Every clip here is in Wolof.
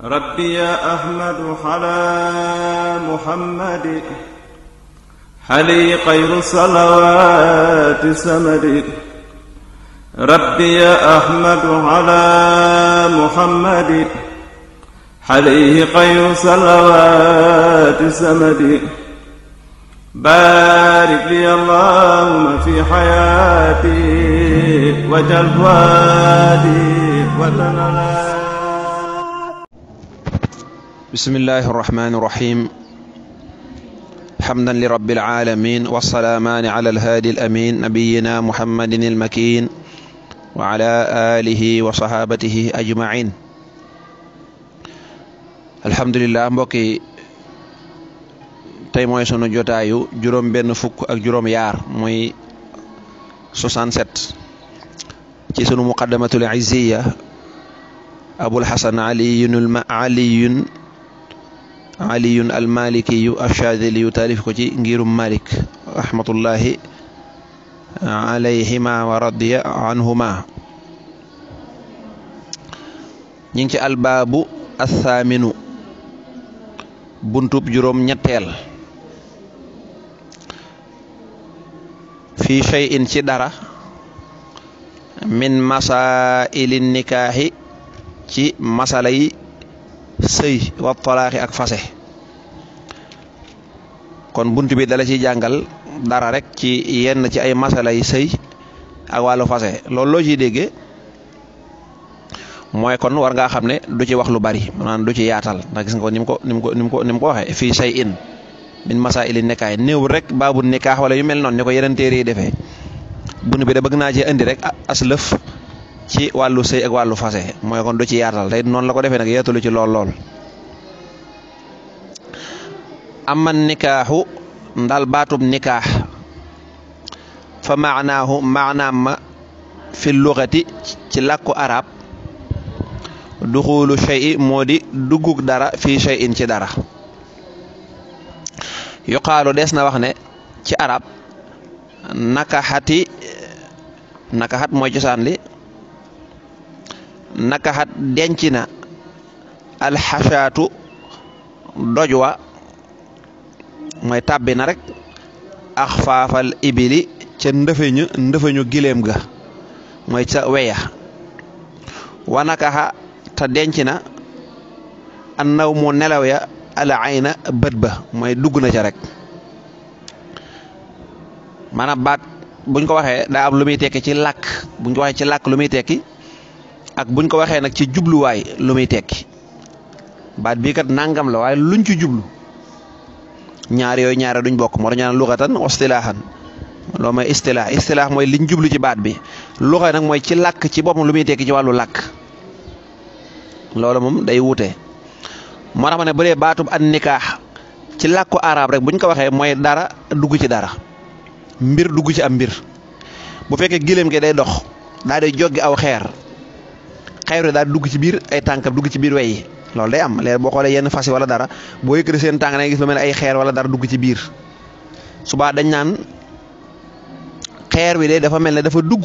rabbi ya ahmadu ala muhammadi xali xayru salawaati samadi rabbi ya ahmadu ala muhammadi xali xayru salawaati samadi baarik li allahumma fi xayaati wajal waadi wa tanal بسم الله الرحمن الرحيم حمدا لرب العالمين والسلامان على الهادي الأمين نبينا محمد المكين وعلى آله وصحابته أجمعين الحمد لله مبكي tey mooy sunu jotaayu juróom benn fukk ak juróom yaar muy 67 ci sunu muqaddamatul izziya abul xasan aliyun aliyun aliyun almalikiyu alchaadiliyu taalif ko ci ngirum malik rahmatullahi alayhima wa radiya anhuma ñi ngi ci albaabu althaaminu buntub juróom ñetteel fi cheyin ci dara min masaili nikaaxi ci masala yi sëy wa talaaxi ak fase kon bunt bi dala ciy jàngal dara rek ci yenn ci ay masala yi sëy ak wàllu fase lool loo ci dégge mooy kon war ngaa xam ne du ci wax lu bari maanaam du ci yaatal ndax gis nga ko ni mu ko ni ko nim ko ni ko waxee fi say in min masa ili nekkaay néew rek baabu nikaax wala yu mel noon ni ko yeneen téere defee bunt bi da bëgg naa ci indi rek aslëf ci wàllu sëy ak wàllu fase mooy kon du ci yaatal tey noonu la ko defee nag yaatalu ci lool lool amma nikaaxu ndaal baatub nikaax fa maanaahu maanaam ma fi luxati ci lakku arab duxuulu shey moo di duggug dara fii shey in ci dara yuqaalu des na wax ne ci arab nakaxati nakaxat mooy cosaan li naka xat denc na alxacaatu doj wa mooy tàbbi na rek ax faafal ibili ca ndëfeñu ndëfeñu gileem ga mooy ca weya wa naka ta denc na an naw mu nelaw ya ala ayna bët ba mooy dugg na ca rek maanaam baat buñ ko waxee daa am lu muy tekki ci làkk buñ ko waxee ci làkk lu muy tekki ak buñ ko waxee nag ci jubluwaay lu muy tekki baat bii kat nangam la waaye luñ ci jublu ñaar yooyu ñaare duñ bokk moo tax ñu naan luxatan wastilaahan mooy istilaax istilaax mooy liñ jublu ci baat bi luxa nag mooy ci làkk ci boppam lu muy tekki ci wàllu làkk loolu moom day wute moo tax ma ne bu dee baatub an nikaax ci làkku arab rek buñ ko waxee mooy dara dugg ci dara mbir dugg ci am mbir bu fekkee giléem gi day dox daa day joggi aw xeer xayru daal dugg ci biir ay tànkam dugg ci biir wey yi loolu day am léegi boo xoolee yenn fas yi wala dara boo yëkkati seen tànk na gis lu mel ne ay xeer wala dara dugg ci biir subaa dañ naan xeer wi de dafa mel ne dafa dugg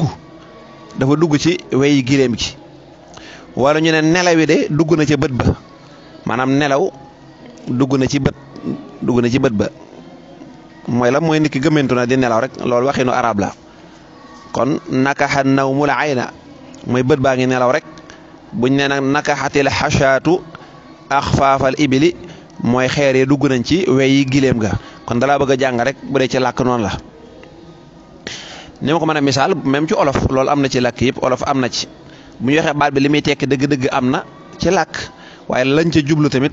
dafa dugg ci weyi giléem gi wala ñu ne nelaw yi de dugg na ci bët ba maanaam nelaw dugg na ci bët dugg na ci bët ba mooy la mooy nit ki gëmmentu na di nelaw rek loolu waxinu arab la kon naka nakaxa ay na mooy bët baa ngi nelaw rek buñ ne nag nakaxatil xacaatu faafal ibili mooy xeer yi dugg nañ ci wey yi gileem ga kon dalaa bëgg a jàng rek bu dee ci làkk noonu la ni ma ko mën a misaal même ci olof loolu am na ci làkk yëpp olof am na ci bu ñu waxee baat bi li muy tekk dëgg-dëgg am na ci làkk waaye lañ ci jublu tamit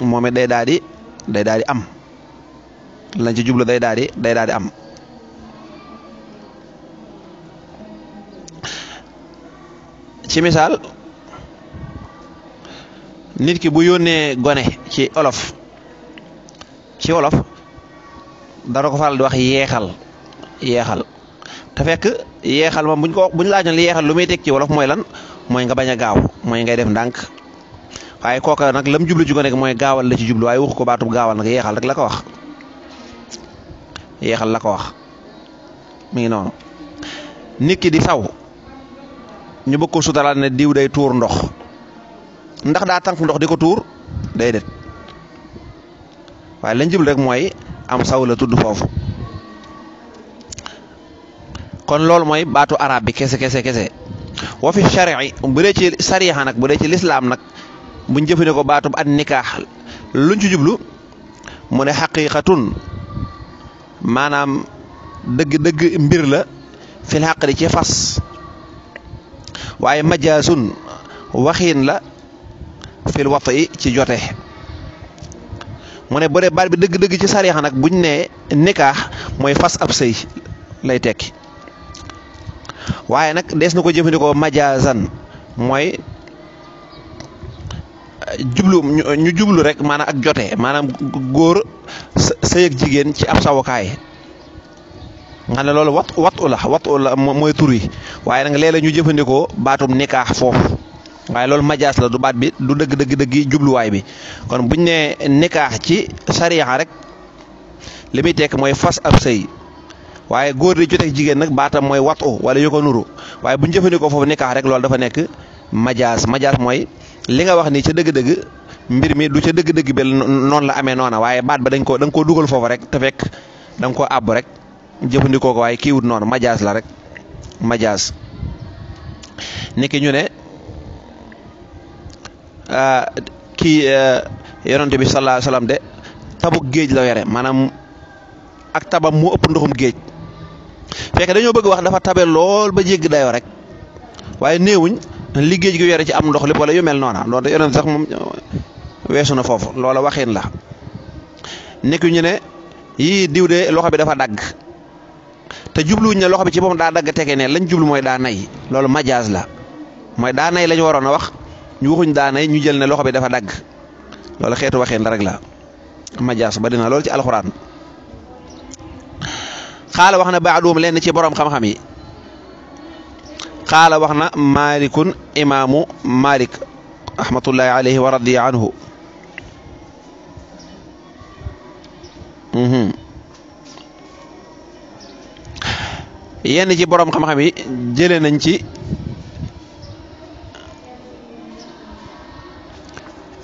moom day daal day daal am lañ ca jublu day daal day daal di am. ci misaal nit ki bu yónnee gone ci olof ci olof dana ko faral di wax yeexal yeexal te fekk yeexal moom buñ ko buñ laajoon li yeexal lu muy teg ci wolof mooy lan mooy nga baña gaaw mooy ngay def ndànk waaye kooka nag lam jublu ci gone mooy gaawal la ci jublu waaye wax ko baatub gaawal nag yeexal rek la ko wax yeexal la ko wax mi ngi noonu nit ki di saw ñu bëgg ko sutaraal ne diw tuur ndox. ndax daa tànk ndox di ko tuur déedéet waaye lañ jublu rek mooy am saw la tudd foofu kon loolu mooy baatu arab bi kese kese kese wa fi shari'i bu dee ci sariha nag bu dee ci lislaam nag buñ jëfandikoo baatu an nikaax luñ ci jublu mu ne xaqiqatun maanaam dëgg dëgg mbir la fil xaq ci fas waaye majaasun waxiin la. fil waxtu yi ci jote mu ne bu dee baat bi dëgg-dëgg ci sariya nag buñ nee nikaax mooy fas ab sëy lay tekki waaye nag dees na ko jëfandikoo majaazan mooy euh, jublu ñu jublu rek maanaam ak jote maanaam góor sëy ak jigéen ci ab sawukaay nga ne loolu wat watu la watu la mooy tur yi waaye nag léeg ñu jëfandikoo baatum nikaax foofu waaye loolu majaas la du baat bi du dëgg dëgg dëgg jubluwaay bi kon ñu ne nikaax ci sariya rek li muy tekk mooy fas ab sëy waaye góor di joteeg jigéen nag baatam mooy watu wala yu ko nuru waaye buñ jëfandikoo foofu nikaax rek loolu dafa nekk majaas majaas mooy li nga wax ni ca dëgg mbir mi du ca dëgg dëgg bel noonu la amee noona waaye baat ba dañ ko da nga dugal foofu rek te fekk danga nga koo àbb rek jëfandikoo ko waaye kii wut noonu majaas la rek majaas nekk ñu ne. kii eh, yonent bi sallallahu alayhi de tabu géej la yore maanaam ak tabam mu ëpp ndoxum géej fekk dañoo bëgg wax dafa tabe lool ba jégg dayoo rek waaye newuñ li géej gi yore ci am ndox lépp wala yu mel noona loolu yonent sax moom weesu na foofu loola waxin la nekku ñu ne yii diw de loxo bi dafa dagg te jubluwuñ ne loxo bi ci moom daa dagg tege ne lañ jublu mooy daa nay loolu majaas la mooy daa nay lañ waroon a wax ñu waxuñ daanay ñu jël na loxo bi dafa dagg loolu xeetu waxeen la rek la majaas bari na loolu ci alxuraan xaala wax na baaduum lenn ci boroom xam-xam yi xaala wax na malikun imaamu malik rahmatullahi alayhi wa radiya anhu mhm. yenn ci boroom xam-xam yi jële nañ ci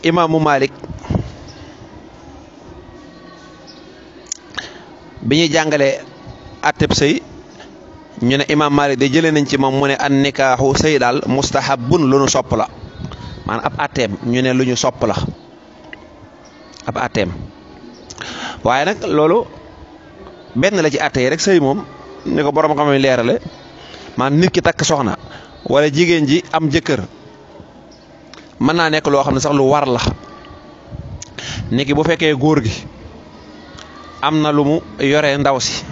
imaamu Malik bi ñuy jàngalee atteb sëy ñu ne imaam Malik de jëlee nañ ci moom mu ne an nikaaxu sëy daal mustahabun lu ñu sopp la maanaam ab atteem ñu ne lu ñu sopp la ab atteem waaye nag loolu benn la ci atte yi rek sëy moom ni ko borom xam-xam leerale maanaam nit ki takk soxna wala jigéen ji am jëkkër. mën naa nekk loo xam ne sax lu war la niki bu fekkee góor gi am na lu mu yoree ndaw si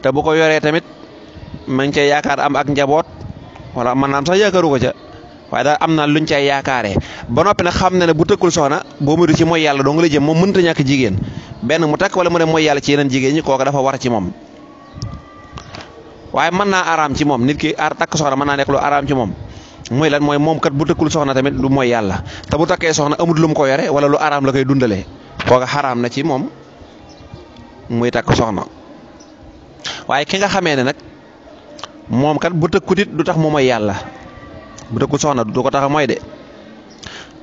te bu ko yoree tamit ma ngi cay yaakaar am ak njaboot wala man naam sax yaakaaru ko ca waaye daal am na luñ cay yaakaaree ba noppi nag xam na ne bu tëkkul soxna boo mu ci mooy yàlla doo la jëm moom mënta ñàkk jigéen benn mu takk wala mu dem mooy yàlla ci yeneen jigéen ñi kooka dafa war ci moom. waaye mën naa araam ci moom nit ki ar takk soxna mën naa nekk lu araam ci moom mooy lan mooy moom kat bu tëkkul soxna tamit lu mooy yàlla te bu takkee soxna amut lu mu ko yore la koy dundalee kooka xaraam na ci moom muy takk soxna waaye ki nga xamee ne nag moom bu tëkkut du tax mu mooy yàlla bu tëkkul soxna du ko tax a mooy de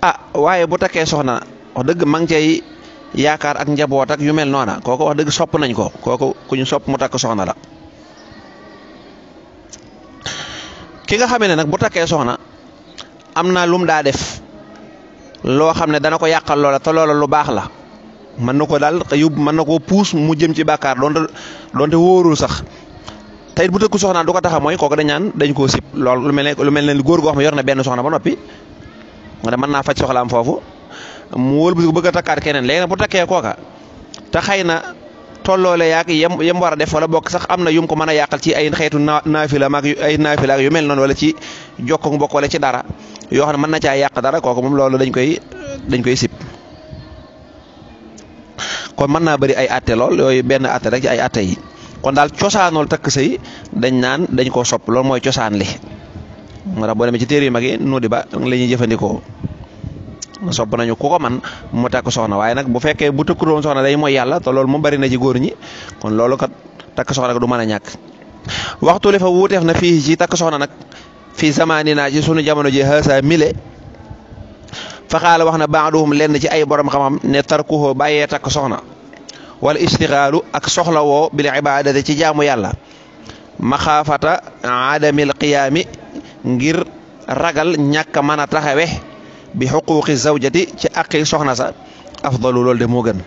ah waaye bu takkee soxna wax dëgg ma yaakaar ak njaboot ak yu mel noona kooku wax dëgg sopp nañ ko kooku ku ñu sopp mu takk soxna la. ki nga xamee nag bu takkee soxna am na lum daa def loo xam ne dana ko yàqal loola te loola lu baax la mën na ko daal yóbbu mën na koo puus mu jëm ci bàkkaar donte donte wóorul sax te it bu tëkku soxnaa du ko taxa mooy kooku dañ naan dañ koo sib loolu lu mel ne lu mel ne lu góor goo xam yor na benn soxna ba noppi nga mën naa faj soxlaam foofu mu wóor bu bëgg a takkaat keneen léegi nag bu takkee kooka te xëy na tolloole yaag yem yem war a def wala bokk sax am na yum ko mën a yàqal ci ay xeetu naafila maag ay naafila yu mel noonu wala ci jokko mbokk wala ci dara yoo xam ne mën na caa yàq dara kooku moom loolu dañ koy dañ koy sib kon mën naa bari ay atte lool yooyu benn atte rek ci ay atte yi kon daal cosaanool takk sëy dañ naan dañ koo sopp loolu mooy cosaan li moo tax boo demee ci téere yu mag yi noo di ba lañuy jëfandikoo sopp nañu ku ko man mu takk soxna waaye nag bu fekkee bu tëkkuloon soxna day mooy yàlla te loolu moom bari na ci góor ñi kon loolu ko takk soxna du mën a ñàkk waxtu li fa wuuteef na fii ci takk soxna nag fii zamaani naa ci sunu jamono ji xaasa mile wax na baaduhum lenn ci ay borom xam-xam ne tarkuhoo bàyyee takk soxna wala istixaalu ak soxla woo bil ibaadati ci jaamu yàlla maxaafata adamil qiyaami ngir ragal ñàkk a taxawe bi xuquuqi zawjati ci aqi soxna sa afdalu loolu de moo gën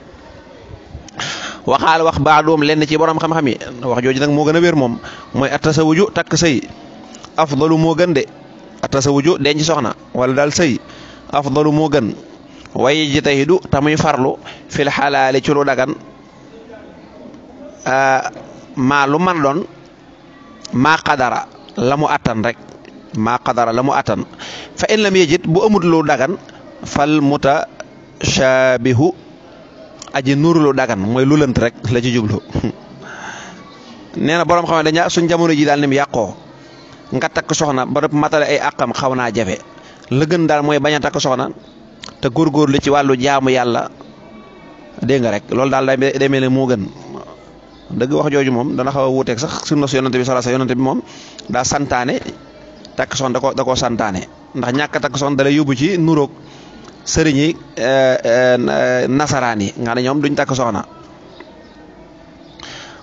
waxaal wax baadoom lenn ci borom xam-xam wax jooju nag moo gën a wér moom mooy attasawuju takk say afdalu moo gën de attasawuju denc soxna wala daal sëy afdalu moo gën waaye jitahidu tamuy farlu fil xalaali ci lu dagan maa lu man doon maa qadara la attan rek maa qadara la mu attan fa in lam yejit bu amut lu dagan fal mutashabihu aji nuuru lu dagan mooy lu lënt rek la ci jublu nee na borom xam ne dañu suñ jamono ji daal ni mu yàqoo nga takk soxna ba rëbb matale ay àqam xaw naa jafe la gën daal mooy bañ a takk soxna te góor góor lu ci wàllu jaamu yàlla dégg nga rek loolu daal day demee ne moo gën dëgg wax jooju moom dana xaw a wuuteeg sax sunna su yonante bi sallallahu alayhi bi moom daa santaane. takk soxna da koo da koo santaane ndax ñàkk a takk soxna da lay ci nuroog sëriñ yi eh, eh, nasaraan yi nga ne ñoom duñ takk soxna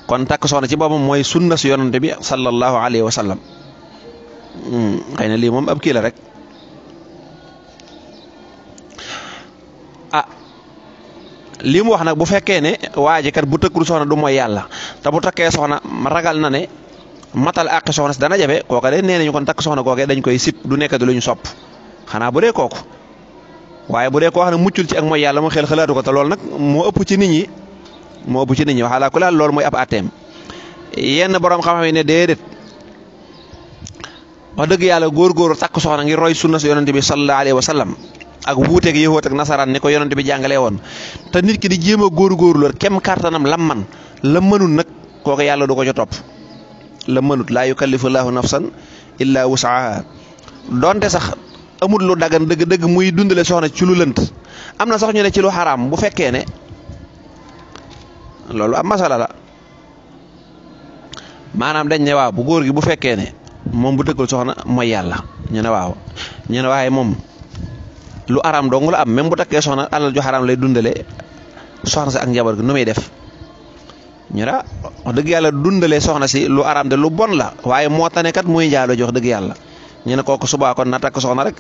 kon takk soxna ci boppam mooy sunna si yonante bi sallallahu alayhi wa sallam hmm, xëy na lii moom ab kii la rek ah li mu wax nag bu fekkee ne waa ji kat bu tëkkul soxna du mooy yàlla te bu takkee soxna ragal na ne. matal àq soxna si dana jafe kooka de nee nañu kon takk soxna kookee dañ koy sip du nekk du lu ñu sopp xanaa bu dee kooku waaye bu dee koo xam ne muccul ci ak mooy yàlla mu xel xalaatu ko te loolu nag moo ëpp ci nit ñi moo ëpp ci nit ñi waxalaa ku laal loolu mooy ab àtteem yenn borom xam-xam yi ne déedéet wax dëgg yàlla góor-góor takk soxna ngi roy sunna si yonent bi sallallahu alayhi wa sallam ak wuuteeg yëwoot ak nasaraan ni ko yonent bi jàngalee woon te nit ki di jéem a góor-góorlu kem kàttanam lam man la mënul nag kooku yàlla du ko ca topp la mënut laa yukallifu laahu nafsan illaa wusaaha donte sax amut lu dagan dëgg muy dundale soxna ci lu lënt am na sax ñu ne ci lu xaraam bu fekkee ne loolu am masala la maanaam dañ ne waaw bu góor gi bu fekkee ne moom bu dëggul soxna mooy yàlla ñu ne waaw ñu ne waaye moom lu araam dong la am même bu takkee soxna alal ju xaraam lay dundale soxna sa ak njaboot gi nu muy def. ñu ne dëgg yàlla dundale soxna si lu araam de lu bon la waaye moo tane kat muy njaaloo jox dëgg yàlla ñu ne kooku subaa kon na takk soxna rek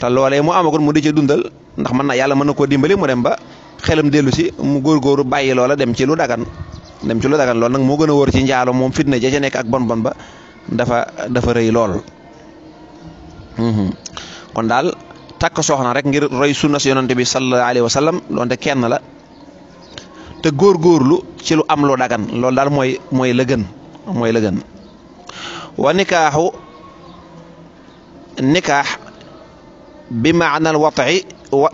te loolee mu amagoon mu di ci dundal ndax mën na yàlla mën na koo dimbali mu dem ba xelam dellu si mu góorgóoru bàyyi loola dem ci lu dagan dem ci lu dagan lool nag moo gën a wóor ci njaalo moom fitna ja ca nekk ak bon bon ba dafa dafa rëy lool. Mhm. kon daal takk soxna rek ngir roy sunna si yonante bi sallallahu alayhi wa doonte kenn la. te góorgóorlu ci lu am lu dagan loolu daal mooy mooy la mooy la gën wa nikaaxu nikaax bi maanaal wati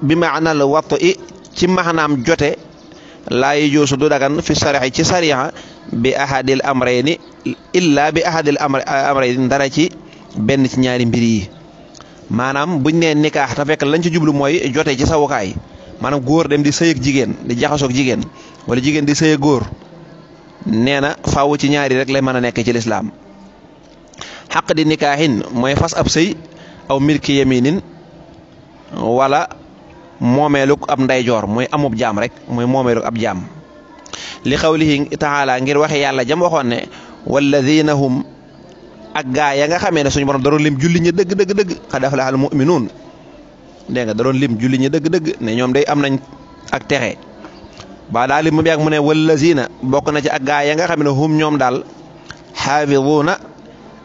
bi maanaal wati ci maanaam jote lay yajuusu du dagan fi sarixi ci sarixa bi ahadil amrayni illaa bi ahadil amrayni dara ci benn ci ñaari mbir yi maanaam buñ nee nikaax te fekk lañ ci jublu mooy jote ci sawukaay maanaam góor dem di sëy ak jigéen di jaxasoog jigéen wala jigéen di sëy góor nee na faaw ci ñaari rek lay mën a nekk ci lislaam xaq di nikaaxin mooy fas ab sëy aw milki yaminin wala moomeeluk ab ndeyjoor mooy amub jaam rek mooy moomeeluk ab jaam li xawlihi taala ngir waxe yàlla jam waxoon ne walladina hum ak gaa ya nga xamee ne suñu borom daroon lim julli ñi dëgg dëgg dëgg xad aflaha al muminuun dégg nga da doon lim julli ñi dëgg-dëgg ne ñoom day am nañ ak texe ba daal lim mu beeg mu ne wallazina bokk na ci ak gaa ya nga xam ne hum ñoom daal na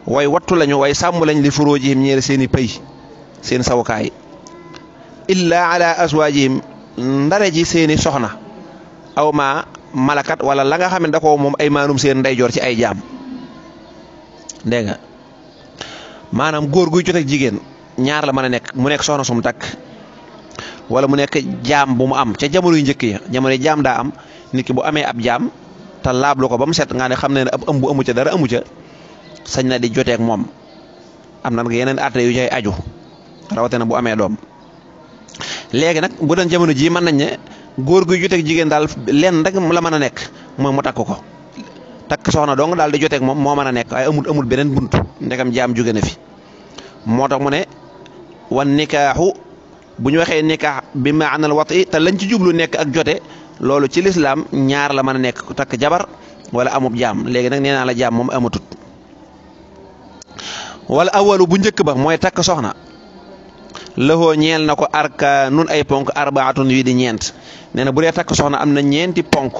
way wattu lañu way sàmm lañ li furuujihim ñeer seen i pëy seen sawukaay illaa ala aswaajihim ndare ji seeni soxna aw ma malakat wala la nga xam ne da koo moom ay maanum seen ndeyjoor ci ay jaam dégg nga maanaam góor guy jot jigéen. ñaar la mën a nekk mu nekk soxna sum takk wala mu nekk jaam bu mu am ca jamono yu njëkk ya jamono jaam daa am nit ki bu amee ab jaam te laablu ko ba mu set nga ne xam ne ne ab ëmb amu ca dara amu ca sañ na di joteek moom am na nga yeneen atte yu cay aju rawatina bu amee doom léegi nag bu doon jamono jii mën nañ ne góor guy joteeg jigéen daal lenn rek la mën a nekk mooy mu takk ko takk soxna dong daal di joteeg moom moo mën a nekk waaye amul amul beneen bunt ndegam jaam jóge na fi moo tax mu ne wan nikaaxu bu ñu waxee nikaax bi ma am na maanal wati te lañ ci jublu nekk ak jote loolu ci lislaam ñaar la mën a nekk takk jabar wala amub jaam léegi nag nee naa la jaam moom amatut wala awalu bu njëkk ba mooy takk soxna lëxoo ñeel na ko arka nun ay ponk arbaatun yi di ñeent nee na bu dee takk soxna am na ñeenti ponk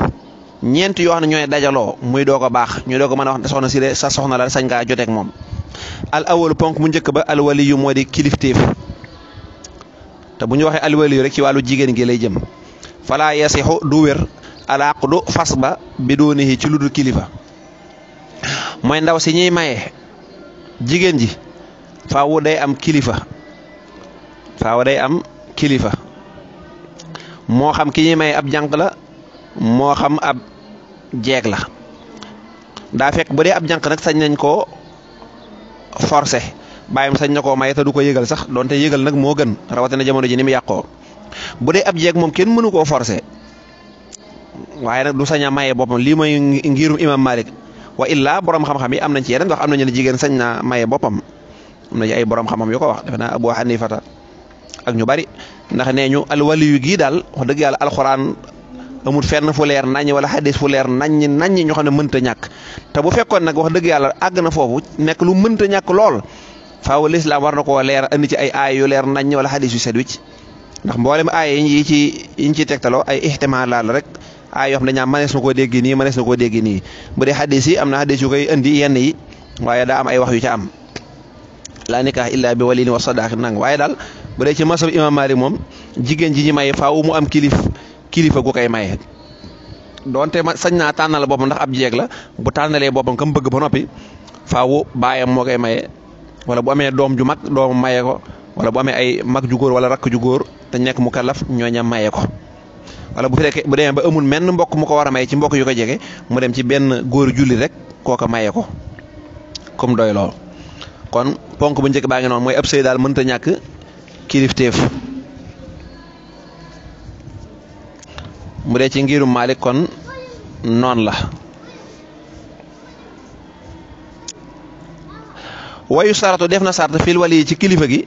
ñeent yoox na ne ñooy dajaloo muy doo ko baax ñu doo ko mën a wax soxna si sa soxna la sañ kaa joteek moom al awalu ponk mu njëkk ba alwaliyu moo di kilifteef te bu ñu waxee alwaliyu rek ci wàllu jigéen gi lay jëm falaa yasixu du wér alaqdu fas ba bi doonihi ci lu dul kilifa mooy ndaw si ñuy maye jigéen ji faawu day am kilifa faawu day am kilifa moo xam ki ñuy maye ab jànq la moo xam ab jeeg la daa fekk bu dee ab jànq nag sañ nañ koo forcé bàyyam sañ na koo maye te du ko yëgal sax donte yëgal nag moo gën a jamono ji ni mu yàqoo bu dee ab jeeg moom kenn mënu koo forcé waaye nag du sañ a maye boppam lii mooy ngirum imam Malik wa illa borom xam-xam yi am nañ ci yeneen wax am nañu ne jigéen sañ na maye boppam am na ci ay borom xam-xam yu ko wax defe naa Abu Hanifata ak ñu bari ndax nee ñu alwaliyu gii daal wax dëgg yàlla alxuraan amul fenn fu leer naññ wala xadis fu leer nañ naññ ñoo xam ne mënta ñàkk te bu fekkoon nag wax dëgg yàlla àgg na foofu nekk lu mënta ñàkk lool faaw lislaam war na koo leer andi ci ay aay yu leer naññ wala xadis yu set ndax mboolem aay ci yi ci tegtaloo ay ihtimaalaat la rek aay yoo xam ne dégg nii mënees koo dégg nii bu dee xadis yi am na xadis yenn yi waaye daa am ay yu ca am laa nikaaha illaa bi waliyin wa sadaqin waaye daal bu dee ci masab moom jigéen ji ñu may faaw mu am kilif kilifa gu koy maye. doonte ma sañ naa tànnal boppam ndax ab jeeg la bu tànnalee boppam kam bëgg ba noppi faawu baayam moo koy maye wala bu amee doom ju mag doom maye ko wala bu amee ay mag ju góor wala rakk ju góor te nekk mu kalaf ñooña maye ko. wala bu fekkee bu demee ba amul menn mbokk mu ko war a maye ci mbokk yu ko jege mu dem ci benn góor julli rek kooka maye ko comme doy kon ponk bu njëkk baa ngi noonu mooy ab sëy daal mënta ñàkk kilifteef bu dee ci ngiru Malik kon noon la wayu saratu def na sart fil wali ci kilifa gi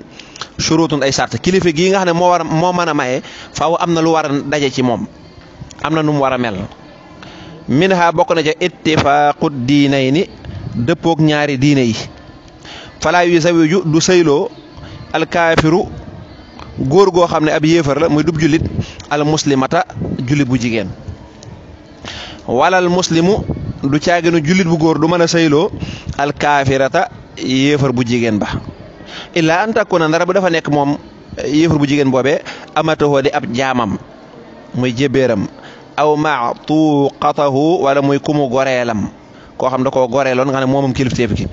surutun ay sart kilifa gii nga xam ne moo moo mën a maye faaw am na lu war a daje ci moom am na nu mu war a mel min ha bokk na ca ittifaaqu diinay ni dëppook ñaari diine yi falaa yu du sëyloo alkaafiru góor goo xam ne ab yéefar la muy dub jullit al muslimata jullit bu jigéen walal muslimu du caaginu jullit bu góor du mën a sayloo al kaafirata yéefar bu jigéen ba illaa an takuna ndara bu dafa nekk moom yéefar bu jigéen boobee amatahoo di ab jaamam muy jébéeram aw maatuqatahu wala muy kumu goreelam koo xam da koo goreeloon nga ne moomam kilifteef ki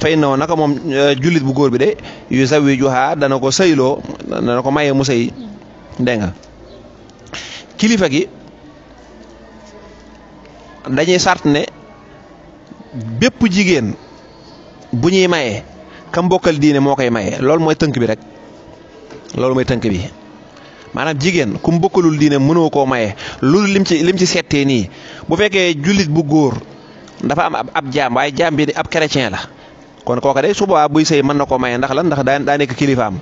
fay na naka moom euh, jullit bu góor bi de yu sawi juha dana ko sayloo dana ko maye mu sëy dégg nga kilifa gi dañuy sart ne bépp jigéen bu ñuy maye kam bokkal diine moo koy maye loolu mooy tënk bi rek loolu mooy tënk bi maanaam jigéen ku mu bokkalul diine mënoo koo maye loolu lim ci lim ci settee nii bu fekkee jullit bu góor dafa am ab jaam waaye jaam bi ni ab chrétien la kon kooka day suba buy sëy mën na koo maye ndax lan ndax daa daa nekk kilifaam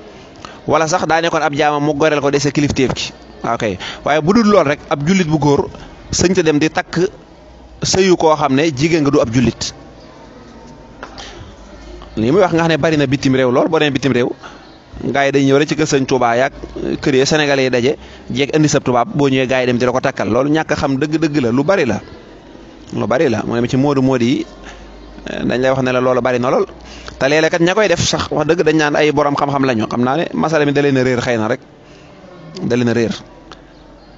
wala sax daa nekkoon ab jaamam mu goreel ko dese kilifteef gi ok waaye bu dul lool rek ab jullit bu góor sëñ te dem di takk sëyu koo xam ne jigéen nga du ab jullit li muy wax nga xam ne bari na bitim réew lool boo demee bitim réew gaa yi dañ ñëw rek ci kër sëñ Touba yaag kër yi Sénégalais yi daje jeeg indi sab tubaab boo ñëwee gaa dem di la ko takkal loolu ñàkk xam dëgg-dëgg la lu bari la. lu bari la mooy ci moodu moodu yi eh, dañ lay wax ne la loolu bari na lool te léeg-léeg kat ña koy def sax wax dëgg dañ naan ay borom xam-xam lañu xam naa ne masala mi da leen a réer na rek da leen a réer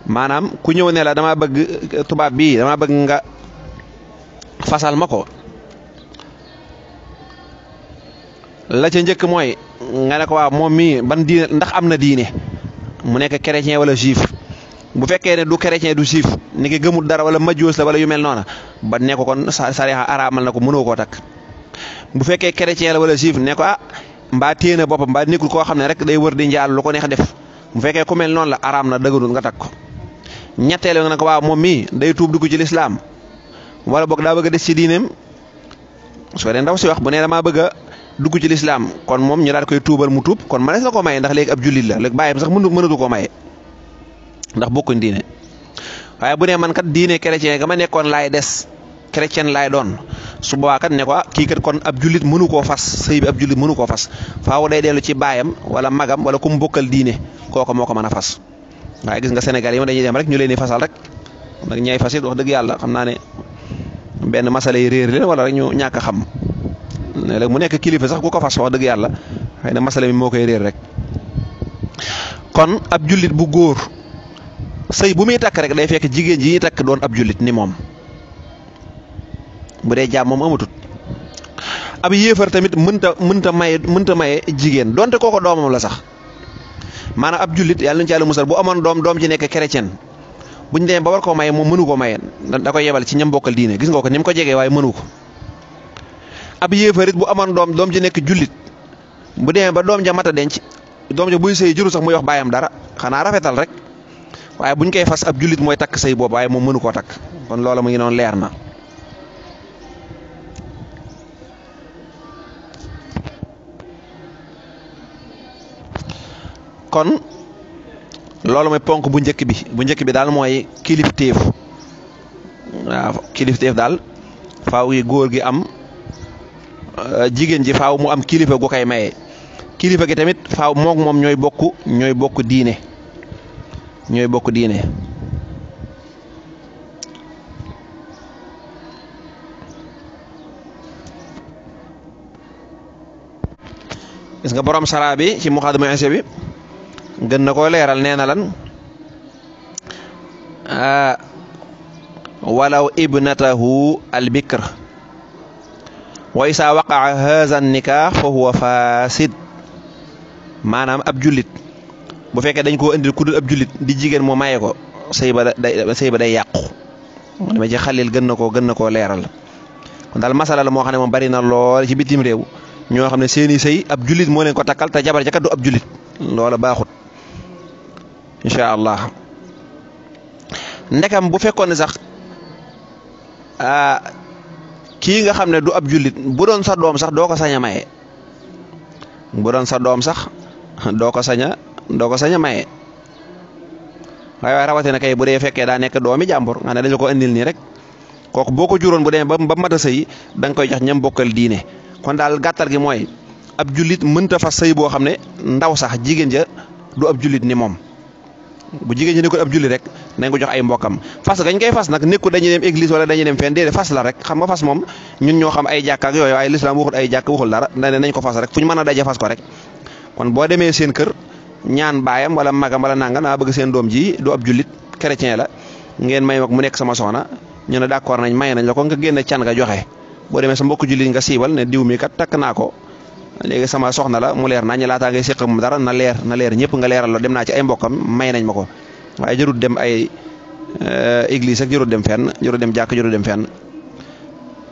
maanaam ku ñëw ne la damaa bëgg eh, tubaab bii damaa bëgg nga fasal ma ko la ca njëkk mooy nga ne ko waaw moom mii ban diine ndax am na diine mu nekk chrétien wala juif bu fekkee ne du chrétien du juif ni ki gëmul dara wala majuus la wala yu mel noona ba ne ko kon sariya araamal na ko mënoo koo takk bu fekkee chrétien la wala juif ne ko ah mbaa téye na mbaa nekkul koo xam ne rek day wër di njaal lu ko neex def bu fekkee ku mel noon la araam na dëgganul nga takk ko ñetteel nga na ko waaw moom mii day tuub dugg ci lislaam wala boog daa bëgg des ci diineem su dee ndaw si wax bu nee damaa bëgg a dugg ci lislaam kon moom ñu daal koy tuubal mu tuub kon mënees na koo maye ndax léegi ab jullit la léegi bàyyam sax mënatu koo maye ndax bokkuñ diine waaye bu ne man kat diine chrétien ga ma nekkoon laay des chrétien laay doon su boobaa kat ne ko ah, kii kat kon ab jullit mënu koo fas sëy bi ab mënu koo fas faaw day dellu ci baayam wala magam wala ku mu bokkal diine kooku moo ko mën a fas waaye gis nga Sénégal yi ma dañuy dem rek ñu leen di fasal rek nag ñay fas it wax dëgg yàlla xam naa ne benn masala yi réer leen wala rek ñu ñàkk a xam mu nekk kilifa sax ku ko fas wax dëgg yàlla xëy na masala mi moo koy réer rek kon ab jullit bu góor. sëy bu muy takk rek day fekk jigéen ji ñuy takk doon ab jullit ni moom bu dee jaam moom amatut ab yéefar tamit mënta mënta maye mënta maye jigéen donte kooko doomam la sax maanaam ab jullit yàlla nañu ci musal bu amoon doom doom ci nekk chrétien bu ñu demee ba war koo maye moom mënu ko maye da koy yebal ci ñam bokkal diine gis nga ko ni mu ko jegee waaye mënu ko ab yéefarit bu amoon doom doom ji nekk jullit bu demee ba doom ja mat denc doom ja buy sëy juru sax muy wax baayam dara xanaa rafetal rek. waaye buñ koy fas ab jullit mooy takk sëy boobu waaye moom mënu koo takk kon loola mu ngi noonu leer kon loolu mooy ponk bu njëkk bi bu njëkk bi daal mooy kilifteef waaw kilifteef daal faaw gi góor gi am euh, jigéen ji faaw mu am kilifa gu koy maye kilifa gi tamit faaw mook moom ñooy bokk ñooy bokk diine ñooy bokk diine gis nga borom saraa bi ci muqaddima ese bi gën na koo leeral nee na lan ah, walaw ibnatahu albikr wa isa waqaa haza nikaax fa huwa fasid maanaam ab jullit bu fekkee dañ koo indil ku dul ab jullit di jigéen moo maye ko say ba day sëy ba day yàqu dama hmm. ci xalil gën na koo gën na koo leeral kon daal masala moo xam ne moo bari na lool ci bitim réew ñoo xam ne seeni sëy ab jullit moo leen ko takkal te jabar ja kat du ab jullit loola baaxut incha allah ndekam bu fekkoon ne sax kii nga xam ne du ab jullit bu doon sa doom sax doo ko sañ a maye bu doon sa doom sax doo ko sañ doo ko sañ a maye waaye waaye rawatina kay bu dee fekkee daa nekk doomi jàmbur nga ne dañu ko indil nii rek kooku boo ko juróon bu demee ba ba mat a sëy da koy jox ñam bokkal diine kon daal gàttal gi mooy ab jullit mënta fas sëy boo xam ne ndaw sax jigéen ja du ab ni moom bu jigéen ñi nekkul ab julli rek nañ ko jox ay mbokkam fas gañ koy fas nag nekkul dañuy dem église wala dañuy dem fenn déedéet fas la rek xam nga fas moom ñun ñoo xam ay jàkk ak yooyu waaye lislaam waxul ay jàkk waxul dara nañ ko fas rek fu ñu mën a daje ko rek kon boo demee seen kër ñaan baayam wala magam wala nangam naa bëgg seen doom ji du ab jullit chrétien la ngeen may mag mu nekk sama soxna ñu ne d'accord nañ may nañ la ko nga génne can nga joxe boo demee sa mbokku jullit nga siiwal ne diw mi kat takk naa ko léegi sama soxna la mu leer naa ñu laataa ngay séq moom dara na leer na leer ñëpp nga leeral loo dem naa ci ay mbokkam may nañ ma ko waaye jërut dem ay euh, église ak jërut dem fen jërut dem jàkk jërut dem fenn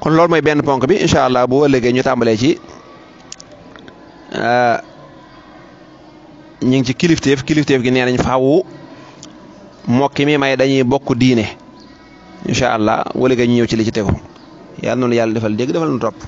kon loolu mooy benn ponk bi incha allah bu ëllëgee ñu tàmbalee ci. Euh, ñu ngi ci kilifteef kilifteef gi nee nañ faaw mokki mi may dañuy bokk diine incha allah wala nga ñëw ci li ci tegu yal na yàlla defal dégg defal nu topp.